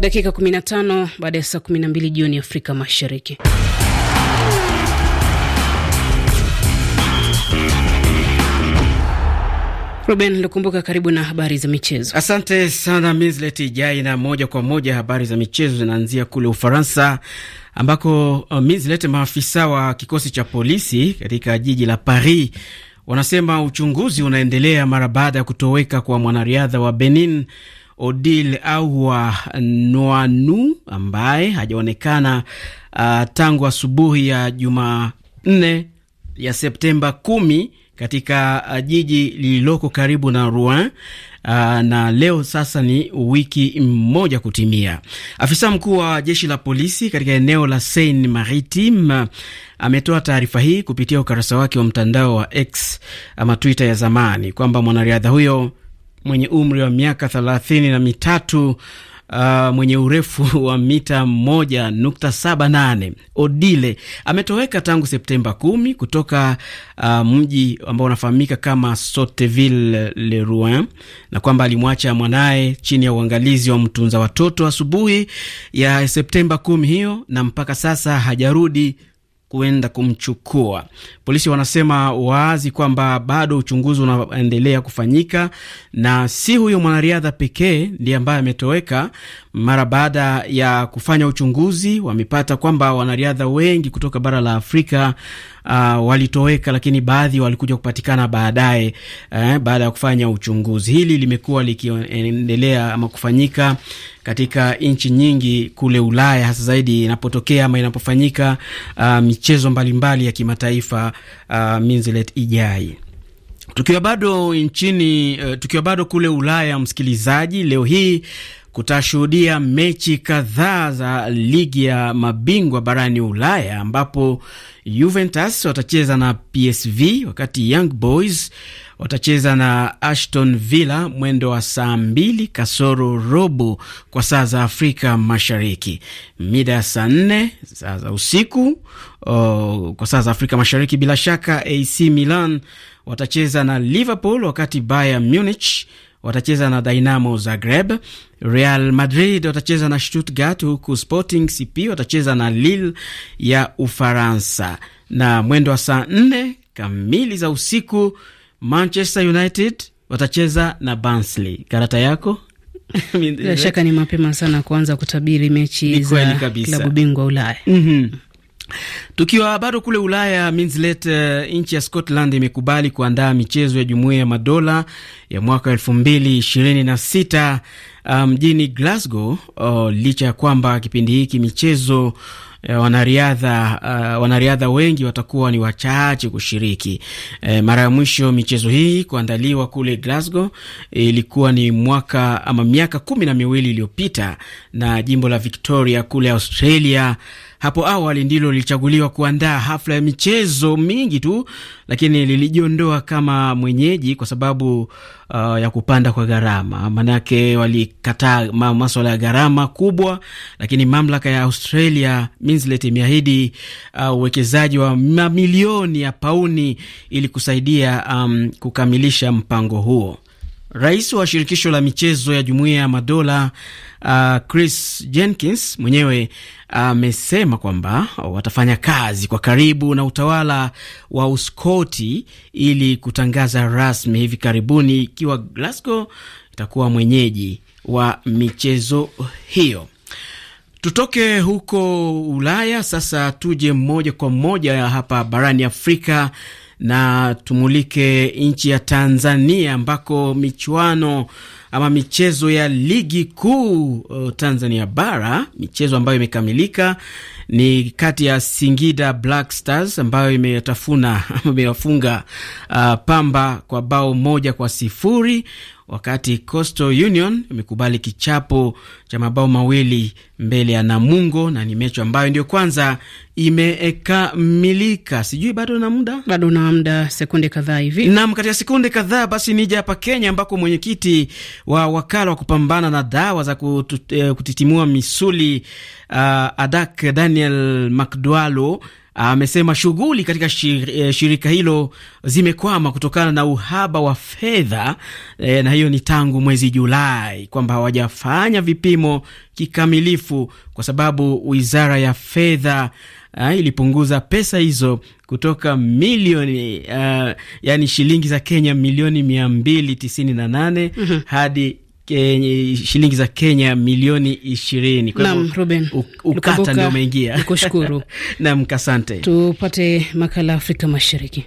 Dakika 15 baada ya saa 12 jioni Afrika Mashariki. Ruben Lukumbuka, karibu na habari za michezo. Asante sana Mislet Ijai, na moja kwa moja habari za michezo zinaanzia kule Ufaransa ambako uh, Mislet, maafisa wa kikosi cha polisi katika jiji la Paris wanasema uchunguzi unaendelea mara baada ya kutoweka kwa mwanariadha wa Benin Odil Awa Noanu ambaye hajaonekana uh, tangu asubuhi ya Jumanne ya Septemba kumi katika uh, jiji lililoko karibu na Rouen. Uh, na leo sasa ni wiki mmoja kutimia. Afisa mkuu wa jeshi la polisi katika eneo la Seine Maritime uh, ametoa taarifa hii kupitia ukurasa wake wa mtandao wa X ama Twitter ya zamani kwamba mwanariadha huyo mwenye umri wa miaka thelathini na mitatu Uh, mwenye urefu wa mita moja nane Odile ametoweka tangu Septemba kumi kutoka uh, mji ambao unafahamika kama Sotteville le Rouen, na kwamba alimwacha mwanaye chini ya uangalizi wa mtunza watoto asubuhi wa ya Septemba kumi hiyo, na mpaka sasa hajarudi kuenda kumchukua. Polisi wanasema wazi kwamba bado uchunguzi unaendelea kufanyika, na si huyo mwanariadha pekee ndiye ambaye ametoweka mara baada ya kufanya uchunguzi wamepata kwamba wanariadha wengi kutoka bara la Afrika uh, walitoweka, lakini baadhi walikuja kupatikana baadaye eh, baada ya kufanya uchunguzi. Hili limekuwa likiendelea ama kufanyika katika nchi nyingi kule Ulaya, hasa zaidi inapotokea ama inapofanyika uh, michezo mbalimbali mbali ya kimataifa uh, minzilet ijai tukiwa bado nchini, uh, tukiwa bado kule Ulaya, msikilizaji, leo hii kutashuhudia mechi kadhaa za ligi ya mabingwa barani Ulaya ambapo Juventus watacheza na PSV wakati Young Boys watacheza na Aston Villa mwendo wa saa mbili kasoro robo kwa saa za Afrika Mashariki, mida ya saa nne saa za usiku o, kwa saa za Afrika Mashariki. Bila shaka AC Milan watacheza na Liverpool wakati Bayern Munich watacheza na Dinamo Zagreb. Real Madrid watacheza na Stuttgart, huku Sporting CP watacheza na Lille ya Ufaransa. Na mwendo wa saa nne kamili za usiku Manchester United watacheza na Barnsley. Karata yako bila shaka ni mapema sana kuanza kutabiri mechi za klabu bingwa Ulaya. mm -hmm. Tukiwa bado kule Ulaya minslet, uh, eh, nchi ya Scotland imekubali kuandaa michezo ya jumuiya ya madola ya mwaka elfu mbili ishirini na sita ah, mjini um, Glasgow, uh, licha ya kwamba kipindi hiki michezo uh, wanariadha uh, wanariadha wengi watakuwa ni wachache kushiriki. Uh, mara ya mwisho michezo hii kuandaliwa kule Glasgow ilikuwa ni mwaka ama miaka kumi na miwili iliyopita, na jimbo la Victoria kule Australia hapo awali ndilo lilichaguliwa kuandaa hafla ya michezo mingi tu, lakini lilijiondoa kama mwenyeji kwa sababu uh, ya kupanda kwa gharama. maanake walikataa maswala ya gharama kubwa, lakini mamlaka ya Australia Minslet imeahidi uh, uwekezaji wa mamilioni ya pauni ili kusaidia um, kukamilisha mpango huo. Rais wa shirikisho la michezo ya jumuiya ya madola uh, Chris Jenkins mwenyewe amesema uh, kwamba watafanya kazi kwa karibu na utawala wa Uskoti ili kutangaza rasmi hivi karibuni ikiwa Glasgow itakuwa mwenyeji wa michezo hiyo. Tutoke huko Ulaya sasa, tuje moja kwa moja hapa barani Afrika na tumulike nchi ya Tanzania ambako michuano ama michezo ya ligi kuu uh, Tanzania bara, michezo ambayo imekamilika ni kati ya Singida Black Stars ambayo imetafuna ama imewafunga uh, Pamba kwa bao moja kwa sifuri wakati Coastal Union imekubali kichapo cha mabao mawili mbele ya Namungo, na ni mechi ambayo ndio kwanza imekamilika. Sijui bado na muda bado na muda sekunde kadhaa hivi. nam katika sekunde kadhaa basi nija hapa Kenya ambako mwenyekiti wa wakala wa kupambana na dawa za eh, kutitimua misuli uh, ADAK Daniel Makdwalo amesema shughuli katika eh, shirika hilo zimekwama kutokana na uhaba wa fedha e, na hiyo ni tangu mwezi Julai kwamba hawajafanya vipimo kikamilifu kwa sababu Wizara ya Fedha eh, ilipunguza pesa hizo kutoka milioni uh, yani shilingi za Kenya milioni mia mbili tisini na nane mm -hmm. hadi Kenya, shilingi za Kenya milioni ishirini. Kwa hivyo Ruben ukata ndio umeingia. Nikushukuru. Naam, kasante. Tupate makala Afrika Mashariki.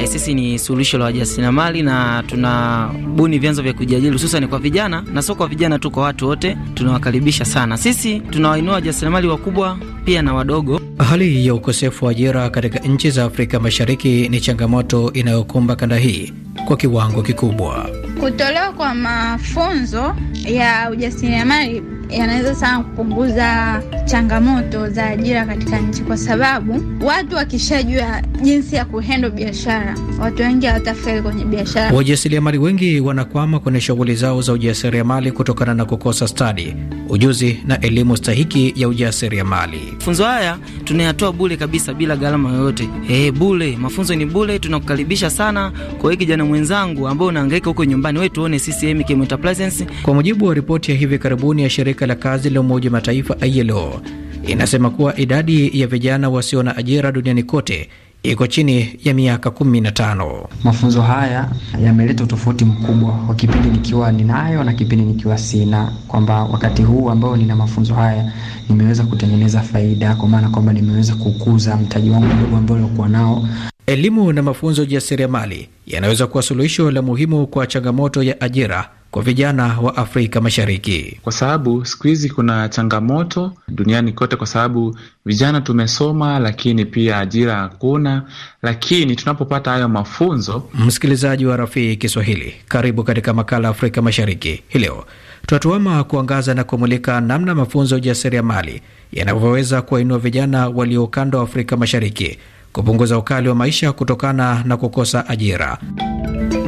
Eh, sisi ni suluhisho la wajasiriamali na tunabuni vyanzo vya kujiajiri hususan kwa vijana, na sio kwa vijana tu, kwa watu wote tunawakaribisha sana. Sisi tunawainua wajasiriamali wakubwa pia na wadogo. Hali ya ukosefu wa ajira katika nchi za Afrika Mashariki ni changamoto inayokumba kanda hii kwa kiwango kikubwa. Kutolewa kwa mafunzo ya ujasiriamali yanaweza sana kupunguza changamoto za ajira katika nchi, kwa sababu watu wakishajua jinsi ya kuhendo biashara, watu wengi hawatafeli kwenye biashara. Wajasiriamali wengi wanakwama kwenye shughuli zao za ujasiriamali kutokana na kukosa stadi, ujuzi na elimu stahiki ya ujasiriamali. Mafunzo haya tunayatoa bule kabisa, bila gharama yoyote. Eh, bule, mafunzo ni bule. Tunakukaribisha sana kwa hiki kijana mwenzangu ambao unahangaika huko nyumbani, wewe tuone CCM Enterprises. Kwa mujibu wa ripoti ya hivi karibuni ya shirika shirika la kazi la Umoja Mataifa ILO inasema kuwa idadi ya vijana wasio na ajira duniani kote iko chini ya miaka 15. Mafunzo haya yameleta utofauti mkubwa wa kipindi nikiwa ninayo na kipindi nikiwa sina, kwamba wakati huu ambao nina mafunzo haya nimeweza kutengeneza faida, kwa maana kwamba nimeweza kukuza mtaji wangu mdogo ambao nilikuwa nao. Elimu na mafunzo ya jasiriamali yanaweza kuwa suluhisho la muhimu kwa changamoto ya ajira kwa vijana wa Afrika Mashariki? Kwa sababu siku hizi kuna changamoto duniani kote, kwa sababu vijana tumesoma, lakini pia ajira hakuna. Lakini tunapopata hayo mafunzo. Msikilizaji wa Rafii Kiswahili, karibu katika makala Afrika Mashariki hii leo tunatuama kuangaza na kumulika namna mafunzo ya ujasiriamali yanavyoweza kuwainua vijana waliokandwa Afrika Mashariki kupunguza ukali wa maisha kutokana na kukosa ajira.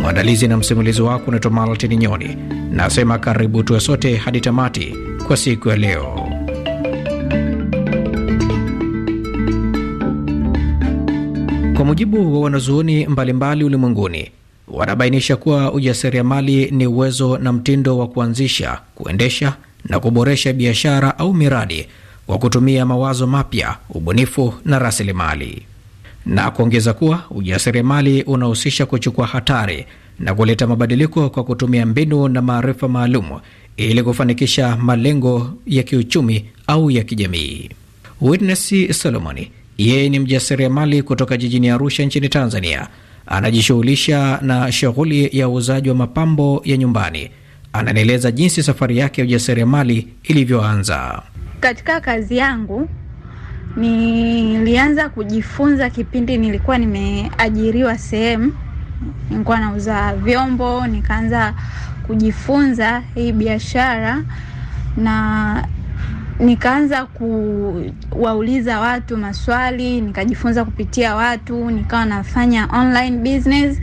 Mwandalizi na msimulizi wako unaitwa Maltini Nyoni, nasema karibu tuwe sote hadi tamati kwa siku ya leo. Kwa mujibu wa wanazuoni mbalimbali ulimwenguni, wanabainisha kuwa ujasiriamali ni uwezo na mtindo wa kuanzisha, kuendesha na kuboresha biashara au miradi kwa kutumia mawazo mapya, ubunifu na rasilimali na kuongeza kuwa ujasiriamali unahusisha kuchukua hatari na kuleta mabadiliko kwa kutumia mbinu na maarifa maalum ili kufanikisha malengo ya kiuchumi au ya kijamii. Witness Solomoni yeye ni mjasiriamali kutoka jijini Arusha nchini Tanzania. Anajishughulisha na shughuli ya uuzaji wa mapambo ya nyumbani. Ananieleza jinsi safari yake ya ujasiriamali ilivyoanza. Katika kazi yangu Nilianza kujifunza kipindi nilikuwa nimeajiriwa sehemu, nilikuwa nauza vyombo, nikaanza kujifunza hii biashara na nikaanza kuwauliza watu maswali, nikajifunza kupitia watu, nikawa nafanya online business.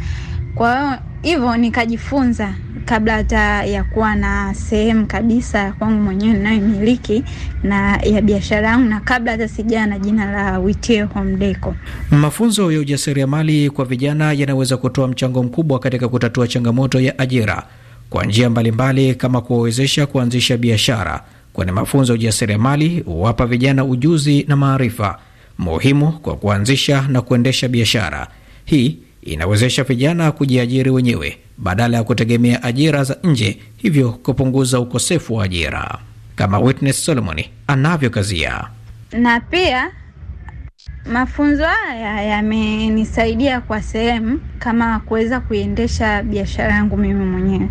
Kwa hiyo hivyo nikajifunza kabla hata ya kuwa na sehemu kabisa ya kwangu mwenyewe ninayomiliki na ya biashara yangu na kabla hata sijaa na jina la Witie Home Deco. Mafunzo ya ujasiriamali kwa vijana yanaweza kutoa mchango mkubwa katika kutatua changamoto ya ajira kwa njia mbalimbali, kama kuwawezesha kuanzisha biashara, kwani mafunzo ya ujasiriamali huwapa vijana ujuzi na maarifa muhimu kwa kuanzisha na kuendesha biashara. Hii inawezesha vijana kujiajiri wenyewe badala ya kutegemea ajira za nje, hivyo kupunguza ukosefu wa ajira, kama Witness Solomon anavyokazia. Na pia mafunzo haya yamenisaidia kwa sehemu kama kuweza kuiendesha biashara yangu mimi mwenyewe,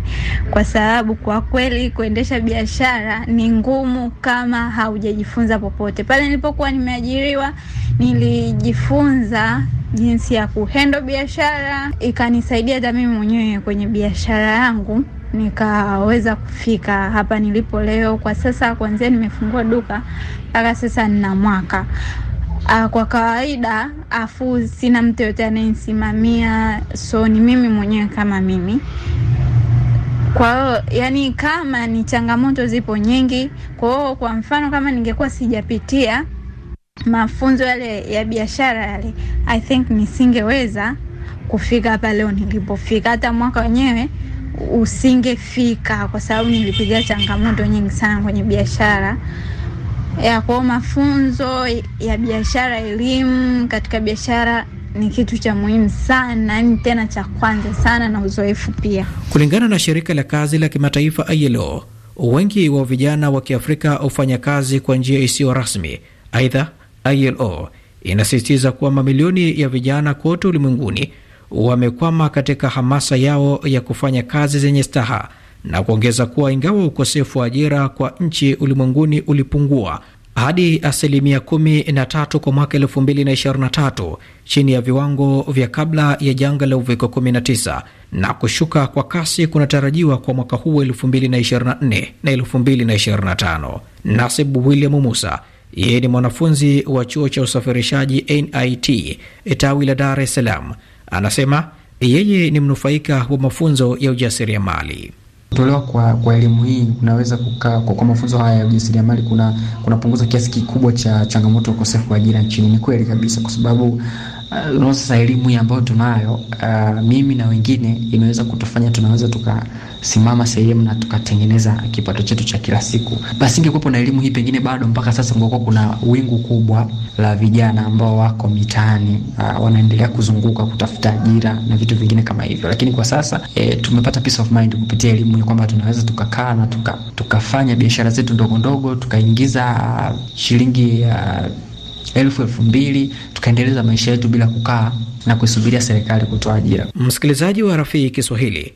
kwa sababu kwa kweli kuendesha biashara ni ngumu kama haujajifunza popote. Pale nilipokuwa nimeajiriwa nilijifunza jinsi ya kuhendo biashara, ikanisaidia hata mimi mwenyewe kwenye biashara yangu nikaweza kufika hapa nilipo leo. Kwa sasa kwanzia nimefungua duka mpaka sasa nina mwaka ah, kwa kawaida, afu sina mtu yoyote anayenisimamia, so ni mimi mwenyewe kama mimi. Kwa hiyo yani, kama ni changamoto zipo nyingi. Kwa hiyo kwa mfano, kama ningekuwa sijapitia mafunzo yale ya biashara yale, I think nisingeweza kufika hapa leo nilipofika, hata mwaka wenyewe usingefika, kwa sababu nilipitia changamoto nyingi sana kwenye biashara ya kwao. Mafunzo ya biashara, elimu katika biashara ni kitu cha muhimu sana, ni yaani tena cha kwanza sana, na uzoefu pia. Kulingana na shirika la kazi la kimataifa ILO, wengi wa vijana wa Kiafrika hufanya kazi kwa njia isiyo rasmi. Aidha, ILO inasisitiza kuwa mamilioni ya vijana kote ulimwenguni wamekwama katika hamasa yao ya kufanya kazi zenye staha na kuongeza kuwa ingawa ukosefu wa ajira kwa nchi ulimwenguni ulipungua hadi asilimia 13 kwa mwaka 2023 chini ya viwango vya kabla ya janga la uviko 19 na kushuka kwa kasi kunatarajiwa kwa mwaka huu 2024 na 2025. Nasibu William Musa yeye ni mwanafunzi wa chuo cha usafirishaji NIT tawi la Dar es Salaam. Anasema yeye ni mnufaika wa mafunzo ya ujasiriamali tolewa kwa, kwa elimu hii kunaweza kukaa kwa, kwa mafunzo haya ya ujasiriamali kuna kunapunguza kiasi kikubwa cha changamoto ya ukosefu wa ajira nchini. Ni kweli kabisa, kwa sababu uh, sasa elimu hii ambayo tunayo uh, mimi na wengine imeweza kutufanya tunaweza tukasimama sehemu na tukatengeneza kipato chetu cha kila siku. Basi ingekuwepo na elimu hii, pengine bado mpaka sasa ungekuwa kuna wingu kubwa la vijana ambao wako mitaani, uh, wanaendelea kuzunguka kutafuta ajira na vitu vingine kama hivyo. Lakini kwa sasa eh, tumepata peace of mind kupitia elimu hii kwamba tunaweza tukakaa na tuka, tukafanya biashara zetu ndogo ndogo tukaingiza uh, shilingi uh, elfu elfu mbili tukaendeleza maisha yetu bila kukaa na kuisubiria serikali kutoa ajira. Msikilizaji wa Rafii Kiswahili,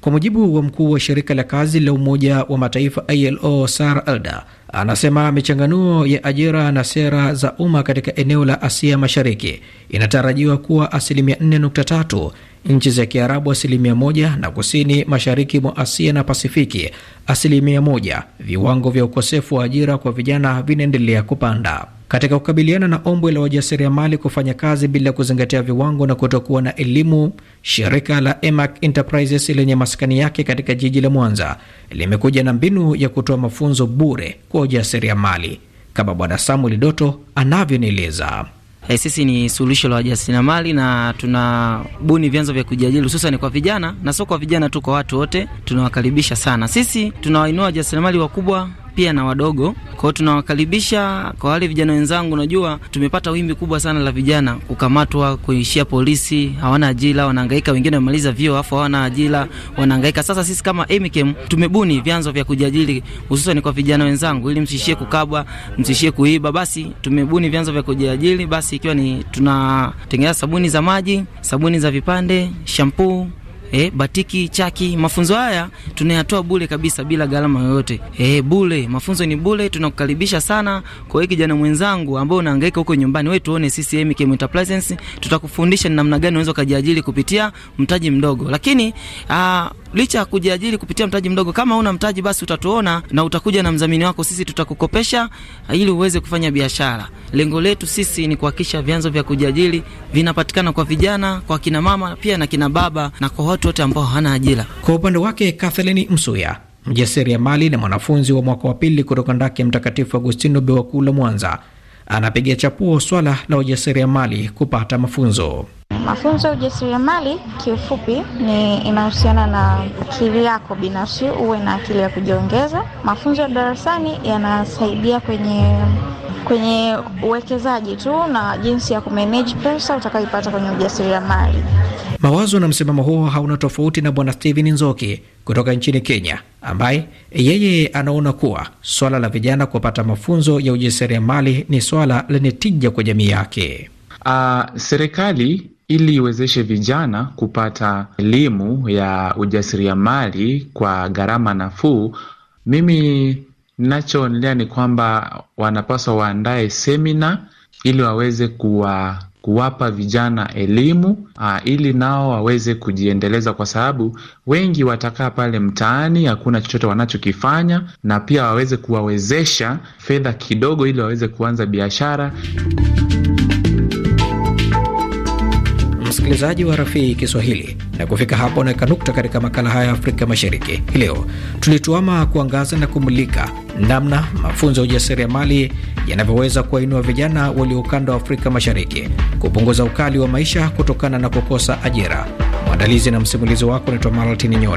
kwa mujibu wa mkuu wa shirika la kazi la Umoja wa Mataifa ILO Sara Alda anasema michanganuo ya ajira na sera za umma katika eneo la Asia Mashariki inatarajiwa kuwa asilimia 4.3, nchi za Kiarabu asilimia 1 na kusini mashariki mwa Asia na Pasifiki asilimia 1. Viwango vya ukosefu wa ajira kwa vijana vinaendelea kupanda katika kukabiliana na ombwe la wajasiriamali kufanya kazi bila kuzingatia viwango na kutokuwa na elimu. Shirika la Emac Enterprises lenye maskani yake katika jiji la Mwanza limekuja na mbinu ya kutoa mafunzo bure kwa wajasiriamali, kama Bwana Samuel Doto anavyonieleza. Hey, eh, sisi ni suluhisho la wajasiriamali na tunabuni vyanzo vya kujiajiri hususan kwa vijana, na sio kwa vijana tu, kwa watu wote tunawakaribisha sana. Sisi tunawainua wajasiriamali wakubwa pia na wadogo. Kwa hiyo tunawakaribisha kwa wale vijana wenzangu, najua tumepata wimbi kubwa sana la vijana kukamatwa, kuishia polisi, hawana ajira, wanahangaika, wengine wamemaliza vyuo afu hawana ajira, wanahangaika. Sasa sisi kama MKM tumebuni vyanzo vya kujiajiri hususan kwa vijana wenzangu, ili msishie kukabwa, msishie kuiba. Basi tumebuni vyanzo vya kujiajiri, basi ikiwa ni tunatengeneza sabuni za maji, sabuni za vipande, shampuu eh, batiki chaki. Mafunzo haya tunayatoa bure kabisa bila gharama yoyote, eh, bure. Mafunzo ni bure, tunakukaribisha sana. Kwa hiyo kijana mwenzangu ambao unahangaika huko nyumbani, wewe tuone sisi Chem Enterprises, tutakufundisha ni namna gani unaweza kujiajiri kupitia mtaji mdogo. Lakini aa, ah, licha ya kujiajiri kupitia mtaji mdogo, kama una mtaji basi utatuona na utakuja na mzamini wako, sisi tutakukopesha ili uweze kufanya biashara. Lengo letu sisi ni kuhakikisha vyanzo vya kujiajiri vinapatikana kwa vijana, kwa kina mama pia na kina baba na kwa watu wote ambao hawana ajira. Kwa upande wake Kathleen Msuya mali na mwanafunzi wa mwaka wa pili kutoka ndake Mtakatifu Agustino Bewakula Mwanza anapiga chapuo swala la ujasiriamali kupata mafunzo. Mafunzo ya ujasiriamali kiufupi ni inahusiana na akili yako binafsi, uwe na akili ya kujiongeza. Mafunzo ya darasani yanasaidia kwenye kwenye uwekezaji tu na jinsi ya kumanage pesa utakayoipata kwenye ujasiriamali. Mawazo na msimamo huo hauna tofauti na bwana Steven Nzoki kutoka nchini Kenya, ambaye yeye anaona kuwa swala la vijana kupata mafunzo ya ujasiriamali ni swala lenye tija kwa jamii yake. Uh, serikali ili iwezeshe vijana kupata elimu ya ujasiriamali kwa gharama nafuu, mimi nachoonelea ni kwamba wanapaswa waandae semina ili waweze kuwa kuwapa vijana elimu aa, ah, ili nao waweze kujiendeleza, kwa sababu wengi watakaa pale mtaani, hakuna chochote wanachokifanya, na pia waweze kuwawezesha fedha kidogo, ili waweze kuanza biashara. Msikilizaji wa Rafii Kiswahili, na kufika hapo naweka nukta katika makala haya ya Afrika Mashariki hii leo. Tulituama kuangaza na kumulika namna mafunzo ya ujasiriamali yanavyoweza kuwainua vijana walio ukanda wa Afrika Mashariki kupunguza ukali wa maisha kutokana na kukosa ajira. Mwandalizi na msimulizi wako naitwa Martin Nyoni.